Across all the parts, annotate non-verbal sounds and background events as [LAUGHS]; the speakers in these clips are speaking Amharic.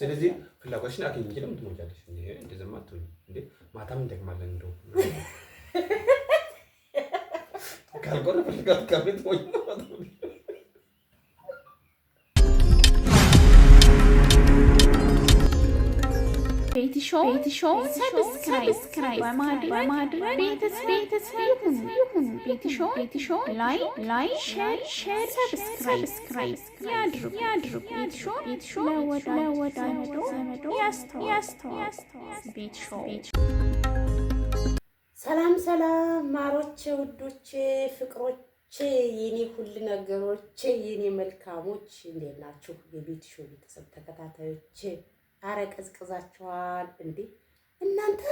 ስለዚህ ፍላጎትሽን አግኝቼ ለምን ትሞቻለሽ? እንደዚያማ አትሆኝም እንዴ? ማታም እንደግማለን እንደው ካልቆረ ፍልጋት ከቤት ሞኝ ነው ቤትሾውን ሰብስክራይብ በማድረግ ቤተሰብ ይሁኑ። ላይክ፣ ሼር፣ ሰብስክራይብ ያድርጉ። ቤትሾ ለወዳዶ ዘመዶ ያስተዋውቁ። ሰላም ሰላም፣ ማሮች ውዶቼ፣ ፍቅሮች የኔ ሁሉ ነገሮቼ የኔ መልካሞች እንዴት ናችሁ? የቤትሾ ቤተሰብ ተከታታዮቼ አረ ቀዝቅዛችኋል እንዴ እናንተ!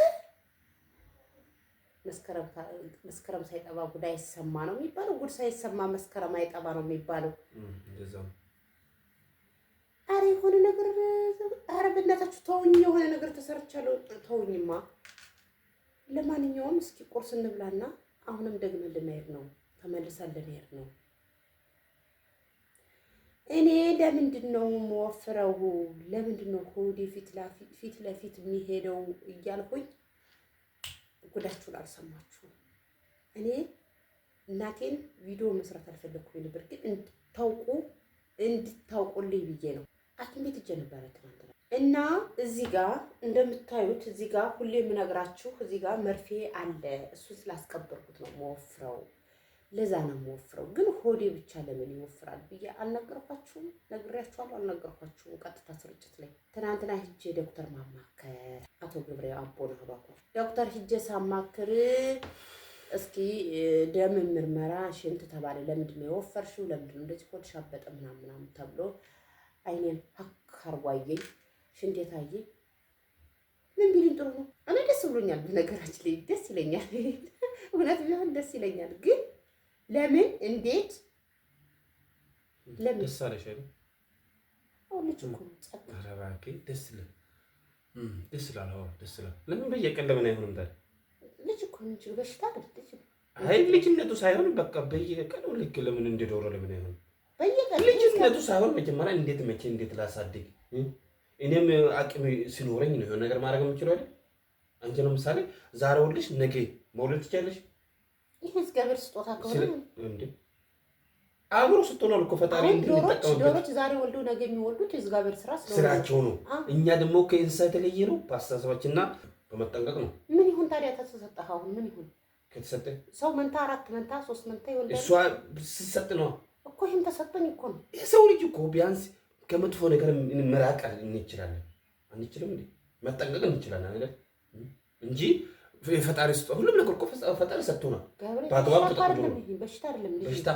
መስከረም ሳይጠባ ጉድ አይሰማ ነው የሚባለው። ጉድ ሳይሰማ መስከረም አይጠባ ነው የሚባለው። አረ የሆነ ነገር አረ በእናታችሁ ተውኝ፣ የሆነ ነገር ተሰርቻለሁ። ተውኝማ። ለማንኛውም እስኪ ቁርስ እንብላና አሁንም ደግመን ልንሄድ ነው፣ ተመልሰን ልንሄድ ነው። እኔ ለምንድን ነው የምወፍረው? ለምንድን ነው ሆዴ ፊት ለፊት የሚሄደው? እያልኩኝ ጉዳችሁን አልሰማችሁም። እኔ እናቴን ቪዲዮ መስራት አልፈለግኩም ነበር፣ ግን እንድታውቁ እንድታውቁልኝ ብዬ ነው። ሐኪም ቤት ሄጄ ነበረ ትናንትና እና እዚህ ጋር እንደምታዩት እዚህ ጋር ሁሌ የምነግራችሁ እዚህ ጋር መርፌ አለ። እሱን ስላስቀበርኩት ነው የምወፍረው ለዛ ነው የምወፍረው። ግን ሆዴ ብቻ ለምን ይወፍራል ብዬ አልነገርኳችሁም? ነግሬያችኋለሁ? አልነገርኳችሁም? ቀጥታ ስርጭት ላይ ትናንትና ሂጄ ዶክተር ማማከር አቶ ገብሬ አቦን አባኮ ዶክተር ሂጄ ሳማክር እስኪ ደም ምርመራ ሽንት ተባለ። ለምንድን ነው የወፈርሽው? ለምንድን ነው እንደዚህ ሆድሽ አበጠ ምናምን ምናምን ተብሎ አይኔን ሀክ አርጓየኝ ሽንት የታየኝ ምን ቢልኝ ጥሩ ነው። እኔ ደስ ብሎኛል። በነገራችን ላይ ደስ ይለኛል። እውነት ቢሆን ደስ ይለኛል ግን ለምን እንዴት ለምን ደስ አለሽ አይደል? ደስ ደስ ደስ ለምን በየቀን ለምን አይሆንም ታዲያ? ልጅ እኮ እንጂ በሽታ አይደል? አይ ልጅነቱ ሳይሆን በቃ በየቀኑ ልክ ለምን እንደ ዶሮ ለምን አይሆንም? ልጅነቱ ሳይሆን መጀመሪያ እንዴት መቼ እንዴት ላሳድግ እኔም አቅም ሲኖረኝ ነው የሆነ ነገር ማድረግ የምችለው አይደል? አንቺ ለምሳሌ ዛሬ ነገ መውለድ ትችያለሽ። ይህ እግዚአብሔር ስጦታ ከሆነ አብሮ ስትሆናል እኮ ፈጣሪ ዶሮች ዛሬ ወልዶ ነገ የሚወልዱት እግዚአብሔር ስራ ስራቸው ነው። እኛ ደግሞ ከእንስሳ የተለየ ነው በአስተሳሰባችንና በመጠንቀቅ ነው። ምን ይሁን ታዲያ ተሰጠህ? አሁን ምን ይሁን ከተሰጠ ሰው መንታ አራት መንታ ሶስት መንታ ይወልዳል። እሷ ስትሰጥ ነው እኮ ይህም ተሰጠኝ እኮ ነው። የሰው ልጅ እኮ ቢያንስ ከመጥፎ ነገር መራቅ እንችላለን። አንችልም እንዴ? መጠንቀቅ እንችላለን አይደል እንጂ የፈጣሪ ስጦታ ሁሉም ነገር እኮ ፈጣሪ ሰጥቶናል። በአግባብ ተጠቅሞ በሽታ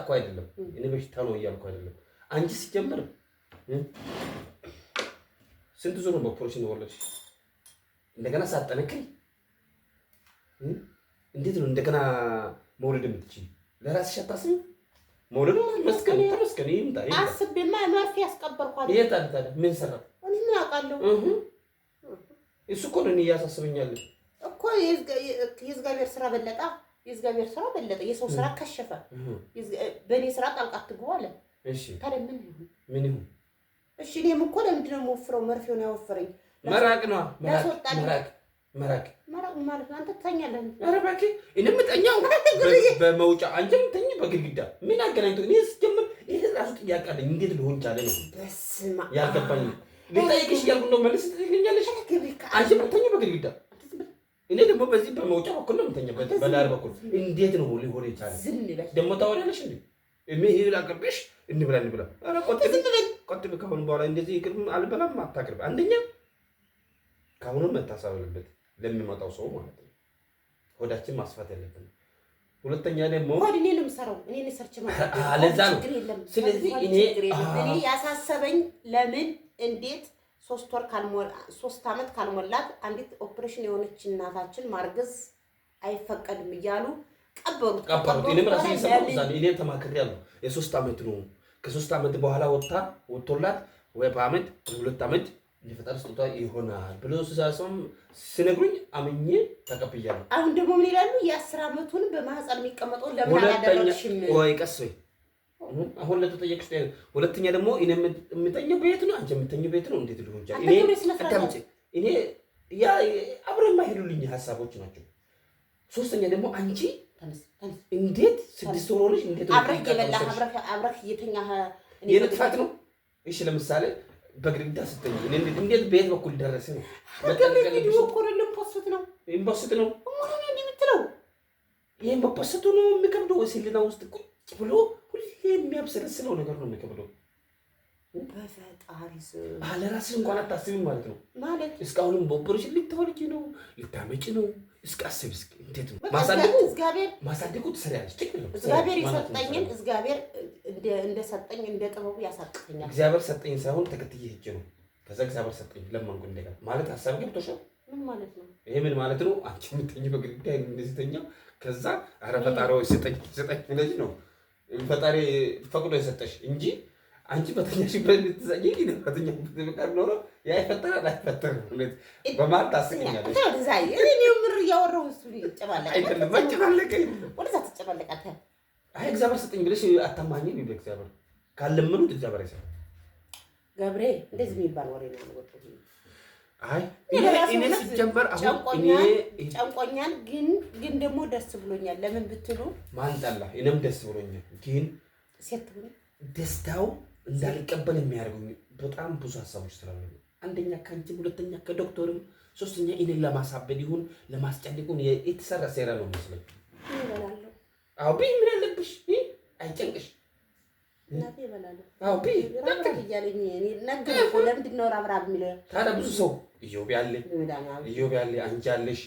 እኮ አይደለም። እኔ በሽታ ነው እያልኩ አይደለም። አንቺ ሲጀምር ስንት ዙር ነው በኦፕሬሽን እንደገና ሳጠነክሪ እንዴት ነው እንደገና መውለድ የምትችል? ለራስሽ አታስቢም? መውለዱ መስከን መስከን ይምጣ አስቤማ መርፌ ያስቀበርኳል። የት አለ ታዲያ? ምን ሰራ? ምን አውቃለሁ። እሱ እኮ ነው እኔ እያሳስበኛለን እኮ የእግዚአብሔር ስራ በለጠ የእግዚአብሔር ስራ በለጠ። የሰው ስራ ከሸፈ። በእኔ ስራ ጣልቃ አትግቡ አለ። ታዲያ ምን ይሁን ምን ይሁን? እሺ እኔም እኮ ለምንድን ነው የምወፍረው? መርፌውን ያወፈረኝ መራቅ ነዋ። መራቅ መራቅ መራቅ ማለት አንተ ትተኛለህ። ኧረ እባክህ እኔም እተኛው በመውጫ አንተም ተኝ በግድግዳ ምን አገናኝቶ? እኔ ስጀምር ይሄ ራሱ ጥያቄ አለኝ። እንዴት ልሆን ቻለ ነው ያልገባኝ። ልጠይቅሽ እያልኩ ነው መልስ ትገኛለሽ። አንቺም ተኝ በግድግዳ እኔ ደግሞ በዚህ በመውጫ በኩል ነው የምተኛበት፣ በዳር በኩል እንዴት ነው ሊሆን የቻለ? ደግሞ ታወሪያለሽ እንዴ? እህል አቅርቤሽ እንብላ እንብላ። ኧረ ቆጥብ፣ ከአሁን በኋላ እንደዚህ ይቅርም አልበላም አታቅርብ። አንደኛ ከአሁኑን መታሰብ አለበት ለሚመጣው ሰው ማለት ነው። ሆዳችን ማስፋት ያለብን። ሁለተኛ ደግሞ እኔ ነው የምሰራው፣ እኔ ሰርቼ ማለት ነው። ስለዚህ እኔ ያሳሰበኝ ለምን እንዴት ሶስት ወር ሶስት አመት ካልሞላት አንዲት ኦፕሬሽን የሆነች እናታችን ማርገዝ አይፈቀድም እያሉ ቀበሩት ቀበሩት። እኔም ራሴ ሰማሁ እኔም ተማክሬያለሁ። የሶስት አመት ነው። ከሶስት አመት በኋላ ወጥታ ወጥቶላት ወይ በአመት ሁለት አመት የፈጣሪ ስጦታ ይሆናል ብሎ ስሳሰም ሲነግሩኝ አምኜ ተቀብያለሁ። አሁን ደግሞ ምን ይላሉ? የአስር አመቱን በማህፀን የሚቀመጠው ለምን አላደረግሽም? ወይ ቀስ ወይ አሁን ለተጠየቅ ሁለተኛ ደግሞ የምተኘው ቤት ነው፣ አንቺ የምተኘው ቤት ነው። እንዴት ሊሆን ይችላል? እኔ ያ አብሮ የማይሄዱልኝ ሀሳቦች ናቸው። ሶስተኛ ደግሞ አንቺ እንዴት ስድስት ወር ሆነሽ እንዴት አብረህ የበላህ አብረህ የተኛህ የእኔ ጥፋት ነው። እሺ ለምሳሌ በግድግዳ ስተኝ እንዴት ቤት በኩል ደረሰ ነው ኢምፖስት ነው ይህን በፖስቱ ነው የሚከብደው ወይስ ህሊና ውስጥ ቁጭ ብሎ የሚያብሰለስለው ነገር ነው የሚከብደው። በፈጣሪ አለ ራስሽ እንኳን አታስቢም ማለት ነው። ማለት እስካሁንም በኦፕሬሽን ልታወልጂ ነው ልታመጪ ነው። እስከ አስብ እስኪ እንዴት ነው ማሳደጉ ትሰሪያለሽ። እግዚአብሔር የሰጠኝን እግዚአብሔር እንደሰጠኝ እንደ ጥበቡ ያሳቅፈኛል። እግዚአብሔር ሰጠኝ ሳይሆን ተከትዬ ሄጄ ነው። ከዛ እግዚአብሔር ሰጠኝ ለማንጎ እንደጋ ማለት ሀሳብ ገብቶሻል። ምን ማለት ነው? ይሄ ምን ማለት ነው? አንቺ የምትተኝ በግድግዳ እንደዚህ ተኛ። ከዛ ኧረ ፈጣሪ ስጠኝ ስጠኝ ነው ፈጣሪ ፈቅዶ የሰጠሽ እንጂ አንቺ በተኛሽበት ልትዘኝ በተኛሽበት ብቀር ኖሮ ያ ይፈጠራል አይፈጠርም በማለት ታስገኛለሽ። ምር እያወራሁ እሱ አይደለም አጨባለቀኝ። እግዚአብሔር ስጠኝ ብለሽ አታማኝ ነው። እግዚአብሔር ካለመኑ እግዚአብሔር አይሰራም። ገብሬ እንደዚህ የሚባል ወሬ ነው። ሲጀመር አሁን ጨንቆኛል፣ ግን ግን ደግሞ ደስ ብሎኛል። ለምን ብትሉ ማንጠላ እኔም ደስ ብሎኛል፣ ግን ሴት ደስታው እንዳልቀበል የሚያደርጉኝ በጣም ብዙ ሀሳቦች ስላሉ አንደኛ ከአንቺም፣ ሁለተኛ ከዶክተርም፣ ሶስተኛ እኔን ለማሳበድ ይሁን ለማስጨንቅ የተሰራ ሴራ ነው መስለኝ። አዎ ምን አለብሽ አይጨንቅሽ ታዲያ ብዙ ሰው ኢዮብ ያለ ኢዮብ ያለ አንቺ ያለሽ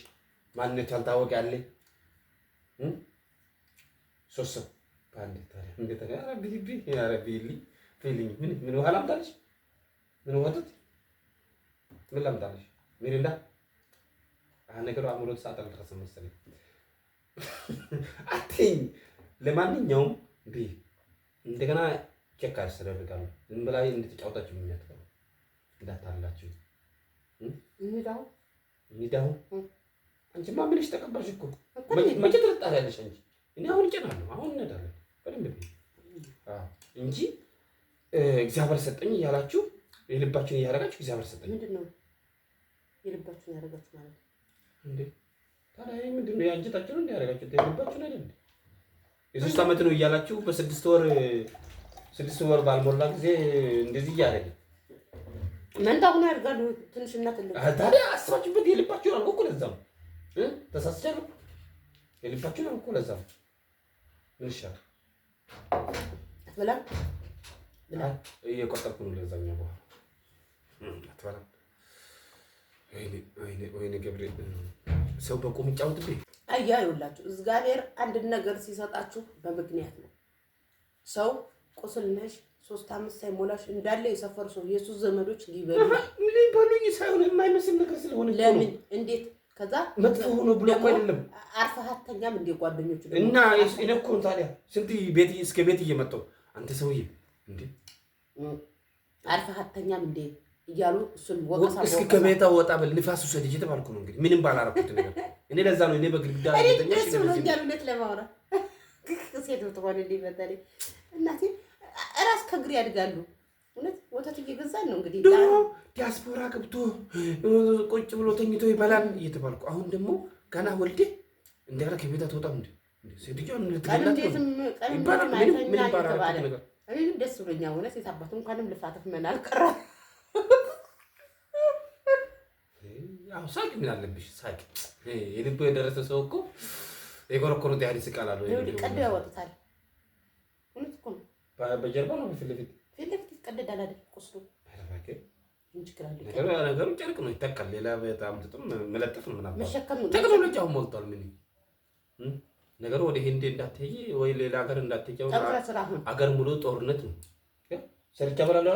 ማንነቱ ያልታወቀ ያለ ሶስት ሰው በአንድ ምን ውሃ ላምጣልሽ? ምን ወተት? ምን ላምጣልሽ? ሚሪንዳ ነገሩ አእምሮ ሰዓት አልደረሰም መሰለኝ። አትይኝ። ለማንኛውም እንደገና ቼክ ያስደርጋሉ። ዝም ብላ እንድትጫወታችሁ የሚያጥቀው እንዳታላችሁ ይሄዳው ይሄዳው። አንቺማ ምንሽ ተቀበልሽ እኮ መቼ አንቺ። እኔ አሁን እጭናለሁ፣ አሁን እንሄዳለን በደንብ እንጂ እግዚአብሔር ሰጠኝ እያላችሁ የልባችሁን እያደረጋችሁ እግዚአብሔር ሰጠኝ ምንድን ነው የልባችሁን ያደረጋችሁ ማለት እንዴ? ታዲያ ምንድን ነው የአንጀታችሁን እንዲያደረጋችሁ የልባችሁን የሶስት ዓመት ነው እያላችሁ በስድስት ወር ስድስት ወር ባልሞላ ጊዜ እንደዚህ እያለ መንታሁ ነው ያድጋሉ። ትንሽና ትልቅ ታዲያ አስባችሁበት። የልባችሁን አልኩ እኮ ለዛ ነው ተሳስቻለሁ። የልባችሁን አልኩ እኮ ለዛ ነው። ምን ይሻላል? አትበላም እየቆጠብኩ ነው። ለዛኛው በኋላ አትበላም። ወይኔ ወይኔ ገብሬ ሰው በቁም ይጫወትብኝ አያ ይውላችሁ እግዚአብሔር አንድ ነገር ሲሰጣችሁ በምክንያት ነው። ሰው ቁስል ነሽ ሶስት አምስት ሳይሞላሽ እንዳለ የሰፈር ሰው የሱስ ዘመዶች ሊበሉ ሊበሉኝ ሳይሆን የማይመስል ነገር ስለሆነ ለምን እንዴት ከዛ መጥፎ ሆኖ ብሎ አይደለም አርፈህ አተኛም እንደ ጓደኞቹ እና እኔ ታዲያ ስንት ቤት እስከ ቤት እየመጣሁ አንተ ሰውዬ እንዴ አርፈህ አተኛም እንዴ እያሉ እሱን ወቀሳ እስኪ ከቤታ ወጣ በል ንፋስ ውሰድ እንጂ ተባልኩ ነው እንግዲህ ምንም ባላረኩት ነገር እኔ ለዛ ነው እኔ በግድግዳ እውነት ለማውራት ሴት በተለይ እናቴ እራስ ከእግር ያድጋሉ። እውነት ወተት እየገዛን ነው እንግዲህ ዲያስፖራ ገብቶ ቁጭ ብሎ ተኝቶ ይበላል እየተባልኩ አሁን ደግሞ ገና ወልዴ እንደገና ከቤታ ትወጣ እንደ ሴትዮ ደስ ብሎኛል። እውነት የት እንኳንም ልፋተፍ መናል ቀረ አሁን ሳቂ ምን አለብሽ? ሳቂ የልብ የደረሰ ሰው እኮ የኮረኮሩት ያህል ይስቃላሉ። ቀዶ ያወጡታል። በጀርባ ነው ፊት ለፊት ፊት ለፊት ይቀደዳል አይደል? ቁስሉ ነገሩ ጨርቅ ነው፣ ይተካል። ሌላ በጣም ጥጥም መለጠፍ ነው ምናምን ቴክኖሎጂ አሁን ሞልቷል። ምን ነገሩ ወደ ሂንድ እንዳትሄጂ ወይ ሌላ ሀገር እንዳትሄጂ፣ አገር ሙሉ ጦርነት ነው። ሰርቻ በላለ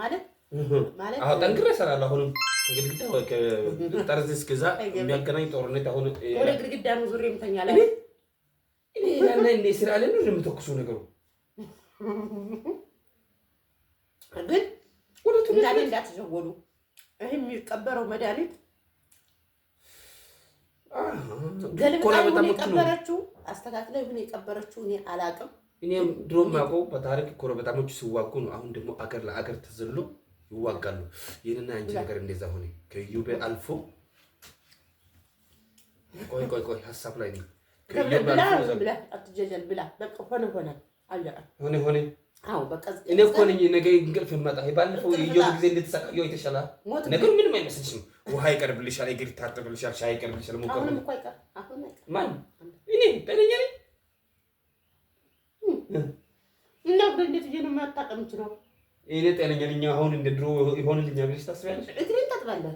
ማለት ማለት ጠንክሬ እሰራለሁ። አሁንም ግድግዳ ጠርዝ እስከዛ የሚያገናኝ ጦርነት አሁን ወደ ግድግዳ ነው ዙሬ የምተኛለሁ። እኔ ስራ ላይ የምተኩሱ ነገሩ ግን ሁለቱ እናንተ እንዳትዘወዱ። ይህ የሚቀበረው መድኃኒት ገልብጣ ይሁን የቀበረችው አስተካክላ ይሁን የቀበረችው እኔ አላውቅም። እኔም ድሮ የማውቀው በታሪክ ጎረቤታሞች ሲዋጉ ነው። አሁን ደግሞ አገር ለአገር ተዘሎ ይዋጋሉ። ይህንና አንቺ ነገር እንደዛ ሆነ ከዩቤ አልፎ ቆይ ቆይ ቆይ ሀሳብ ላይ ነው እኔ እኮ ነኝ ነገ እንቅልፍ ይመጣ ባለፈው የየው ጊዜ እንድትሰቃየው አይተሻላል። ነገሩ ምንም አይመስልሽም። ውሃ ይቀርብልሻል፣ እግር ይታጠብልሻል፣ ሻይ ይቀርብልሻል። ሞቀ ማን እኔ ጤነኛ ነኝ እና በእንዴት ይችላል ይሄ ጤነኛ ልኛ አሁን እንደ ድሮ ይሆንልኛ ብለሽ ታስቢያለሽ? እግሬን ታጥባለህ?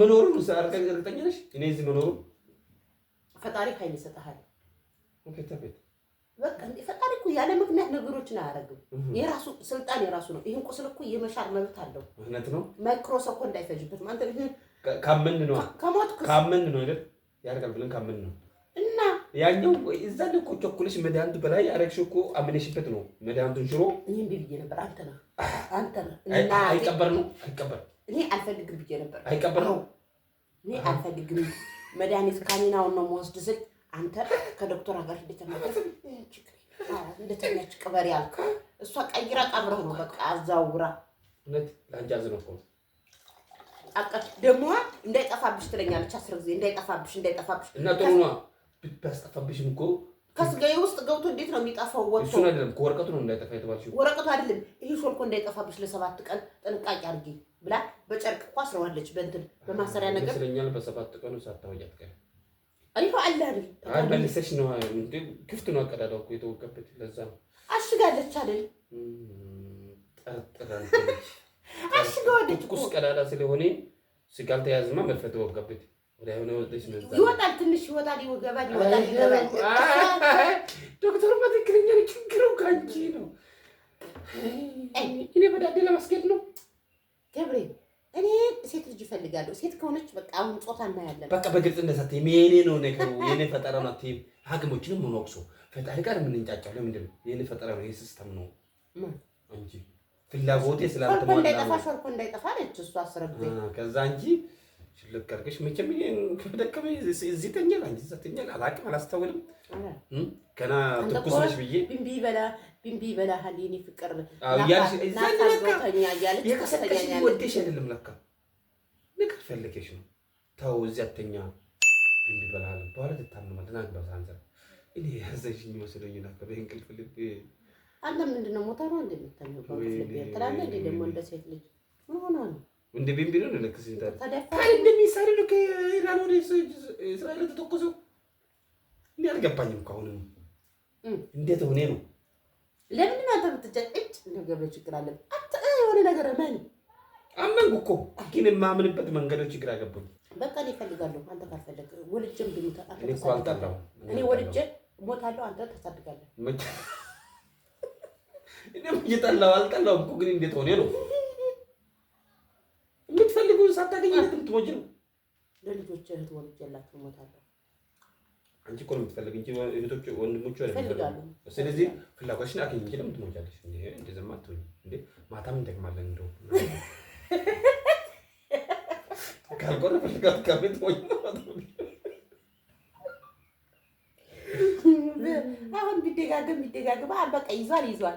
መኖሩን እርግጠኛ ነሽ? እኔ እዚህ መኖሩ ፈጣሪ ኃይል ይሰጥሃል። ፈጣሪ እኮ ያለ ምክንያት ነገሮችን አያደርግም። የራሱ ስልጣን የራሱ ነው። ይህን ቁስል እኮ የመሻር መብት አለው። እውነት ነው። መክሮ ሰው እኮ እንዳይፈጅበትም አንተ ካመን ነው ካመን ነው አይደል? ያደርጋል ብለን ካመን ነው እና ያኛው እዛን እኮ ቸኩለሽ መድኃኒቱ በላይ አረግሽው እኮ አምነሽበት ነው መድኃኒቱን ሽሮ ይህን ብዬሽ ነበር። አንተ ነህ አንተ ነህ። አይቀበር ነው አይቀበር። እኔ አልፈልግም ብዬሽ ነበር። አይቀበር ነው እኔ አልፈልግም። መድኃኒት ካሚናውን ነው መወስድ ስል አንተ ከዶክተር ጋር እንደተናገር እንደተኛች ቅበር ያልክ እሷ ቀይራ ቀብረህ ነው በቃ አዛውራ እውነት ለአንቺ አዝነው እኮ ነው ደግሞ እንዳይጠፋብሽ ትለኛለች አስር ጊዜ እንዳይጠፋብሽ እንዳይጠፋብሽ እና ጥሩ ነዋ ብታስጠፋብሽም እኮ ከስጋዬ ውስጥ ገብቶ እንዴት ነው የሚጠፋው? ወጥቶ እሱን አይደለም ወረቀቱ ነው እንዳይጠፋ የተባልሽው ወረቀቱ አይደለም። ይሄ ሾልኮ እንዳይጠፋብሽ ለሰባት ቀን ጥንቃቄ አድርጊ ብላ በጨርቅ እኮ አስረዋለች። በእንትን በማሰሪያ ነገር ስለኛል። በሰባት ቀኑ ሳታወያት ቀን አይሁ አላሪ መልሰሽ ነው እንዴ? ክፍት ነው አቀዳዳው እኮ የተወቀበት ለዛ ነው አሽጋለች አይደል? ጠርጥራለች። [LAUGHS] አሽጋለች ቁስ ቀዳዳ ስለሆነ ስጋል ተያዝማ መፈተው ወቀበት ይወጣል፣ ትንሽ ይወጣል፣ ይገባል፣ ይወጣል፣ ይገባል። ዶክተሩ በትክክለኛ ችግሩ ከአንቺ ነው። እኔ በዳዴ ለማስጌድ ነው ገብሬ። እኔ ሴት ልጅ እፈልጋለሁ። ሴት ከሆነች በቃ አሁን ጾታ እናያለን። በቃ በግልጽ እንደሳት የኔ ነው ነገሩ። የኔ ፈጠራ ነው። አትይም ሐኪሞችንም የምንወቅሱ ፈጣሪ ጋር የምንንጫጫው ለምንድን ነው? የኔ ፈጠራ ነው። ይህ ሲስተም ነው እንጂ ፍላጎቴ ስላልተሟላ እንዳይጠፋ ሾርኮ እንዳይጠፋ ነች እሱ አስረብ ከዛ እንጂ ሽልክ አድርገሽ መቼም ከደከመ እዚህ ተኛል፣ አንቺ እዛ ተኛል። አላውቅም አላስተውልም። ገና ትኩስ ነሽ ብዬ ቢምቢ በላ ቢምቢ በላ ሀሊኒ ፍቅር ናታዝተኛ ወደሽ አይደለም ለካ ንቅር ፈለገሽ ነው። ተው እዚያ ተኛ በላ በኋላ አንተ እኔ ያዘሽኝ መስሎኝ ነበር እንቅልፍ ትላለህ። እንደ ደግሞ እንደ ሴት ልጅ ምን ሆና ነው እንደ ቤንቢሮ ነው ለክስ ይታል ታዲያ እንደሚሳደድ ነው ከኢራን ወደ እስራኤል የተተኮሰው። እኔ አልገባኝም እኮ አሁን እንዴት ሆኔ ነው? ለምን ነው አንተ የምትጨጭ ነገር ችግር አለ አንተ የሆነ ነገር ማን አመንኩ እኮ ግን የማምንበት መንገዶ ችግር አገባኝ። በቃ እኔ እፈልጋለሁ አንተ ካልፈለግ ወልጄም ብሉታ እኔ እኮ አልጠላሁም። እኔ ወልጄ ሞታለሁ አንተ ታሳድጋለህ። እኔም እየጠላሁ አልጠላሁም እኮ ግን እንዴት ሆኔ ነው የምትፈልገውን ሳታገኝ የምትሞጂ ነው። ለልጆች እህት ወንድ ያላችሁ ሞታለሁ። አንቺ እኮ ነው የምትፈልግ እንጂ እህቶች ወንድሞች ይፈልጋሉ። ስለዚህ ፍላጎትሽን አገኝ እንጂ ለምን ትሞቻለሽ? እንደዚያማ አትሆኝ እንዴ! ማታም እንደግማለን እንደው ካልቆረ ፍልጋት ከቤት ወይ አሁን ቢደጋገም ቢደጋገም በቃ ይዟል ይዟል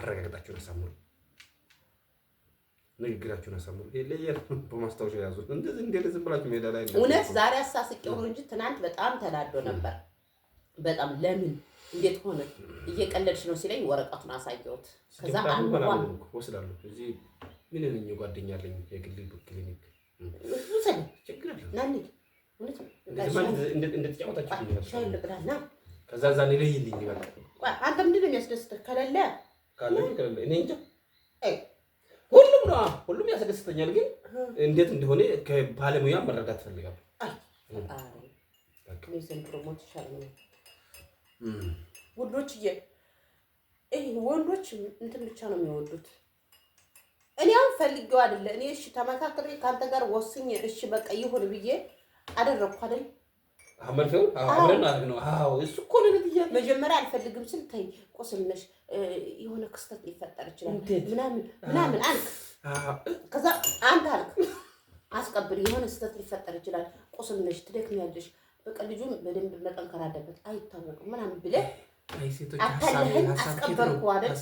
አረጋግጣችሁን አሳምሩ። ንግግራችሁን አሳምሩ። ለየር በማስታወሻ ያዙ። እንደዚህ እንደዚህ ዝም ብላችሁ ሜዳ ላይ እውነት ዛሬ አሳስቄው ነው እንጂ ትናንት በጣም ተናዶ ነበር። በጣም ለምን እንዴት ሆነ እየቀለድሽ ነው ሲለኝ ወረቀቱን አሳየሁት። ከዛ አንዋን ወስዳለሁ። እዚህ ምን ነኝ ጓደኛ አለኝ የግል ክሊኒክ ውሰድ፣ ችግር አለ ናኒ እንደተጫወታችሁ ከዛ ዛ ሌለይልኝ ይበቃ። አንተ ምንድን ነው የሚያስደስትህ ከሌለ ካለ እኔ እንጃ ሁሉም ነው ሁሉም ያስደስተኛል፣ ግን እንዴት እንደሆነ ከባለሙያ መረዳት ፈልጋለሁ። አይ ውዶች ወንዶች እንትን ብቻ ነው የሚወዱት። እኔ አሁን ፈልጌው አይደለ እኔ እሺ ተመካክሬ ከአንተ ጋር ወስኝ እሺ በቃ ይሁን ብዬ አደረግኩ አይደል? አመልከው አሁን አድርግ ነው። አዎ እሱ እኮ ነው መጀመሪያ አልፈልግም ስል ተይ ቁስል ነሽ የሆነ ክስተት ሊፈጠር ይችላል ምናምን ምናምን አልክ። ከዛ አንድ አልክ አስቀብል የሆነ ክስተት ሊፈጠር ይችላል ቁስል ነሽ ትደክሚያለሽ፣ በቃ ልጁን በደንብ መጠንከር አለበት አይታወቅም ምናምን ብለህ አታለህን አስቀበልኩ አይደል?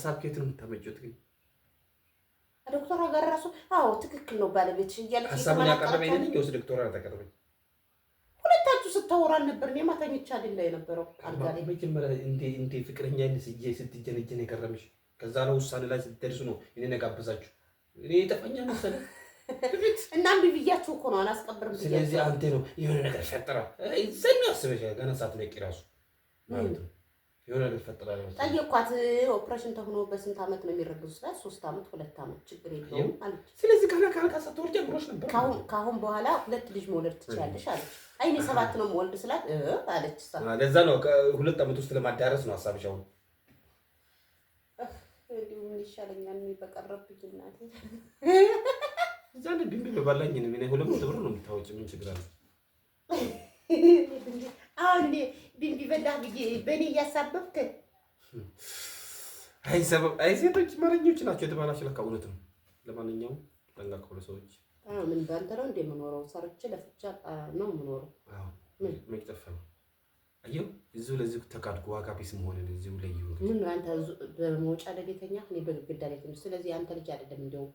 ዶክተሯ ጋር እራሱ አዎ ትክክል ነው ባለቤትሽ ዶክተር ዶክተሯ ስታወራል ነበር። እኔ ማተኝቻ ሌላ የነበረው አልጋ ላይ መጀመሪያ እንዴ ፍቅረኛ ስዬ ስትጀነጀን የከረምሽ ከዛ ነው ውሳኔ ላይ ስትደርሱ ነው እኔ ነጋብዛችሁ እኔ የጠፈኛ መሰለ እና እንቢ ብያችሁ እኮ ነው አላስቀብርም። ስለዚህ አንቴ ነው የሆነ ነገር ፈጠራ ዘኛ ስበሻ ገና ሳትነቂ ራሱ ማለት ነው የሆነ ነገር ፈጠራ ነው። ጠየኳት። ኦፕሬሽን ተሆኖ በስንት ዓመት ነው የሚረግዙ ስላት ሶስት ዓመት ሁለት ዓመት ችግር የለውም አለች። ስለዚህ ከነ ካልካ ሰጥቶር ጀምሮሽ ነበር። ካሁን በኋላ ሁለት ልጅ መውለድ ትችያለሽ አለች። አይ እኔ ሰባት ነው የምወልድ ስላት አለች። ለዛ ነው ሁለት ዓመት ውስጥ ለማዳረስ ነው ሀሳብሽ አሁን ይሻለኛል በቀረብኝ እናቴ እዛ ድንቢ በባላኝ ነው ሁለት ብር ነው የምታወጪው ምን ችግር አለ? አሁን ቢንቢ በላህ በእኔ እያሳበብክ አይ አይ ሴቶች መረኞች ናቸው የተባላችሁ ለካ እውነት ነው። ለማንኛውም ጠንጋ ከሆነ ሰዎች ምን በአንተ ነው እንደ የምኖረው ሰርቼ ለፍቼ ነው የምኖረው። ምን ነው አየሁ እዚሁ ለዚሁ ተካድኩ ዋጋ ቢስ መሆን እዚሁ ላይ ምን አንተ በመውጫ ለቤተኛ እኔ በግድግዳ ላይ ስለዚህ አንተ ልጅ አይደለም እንደው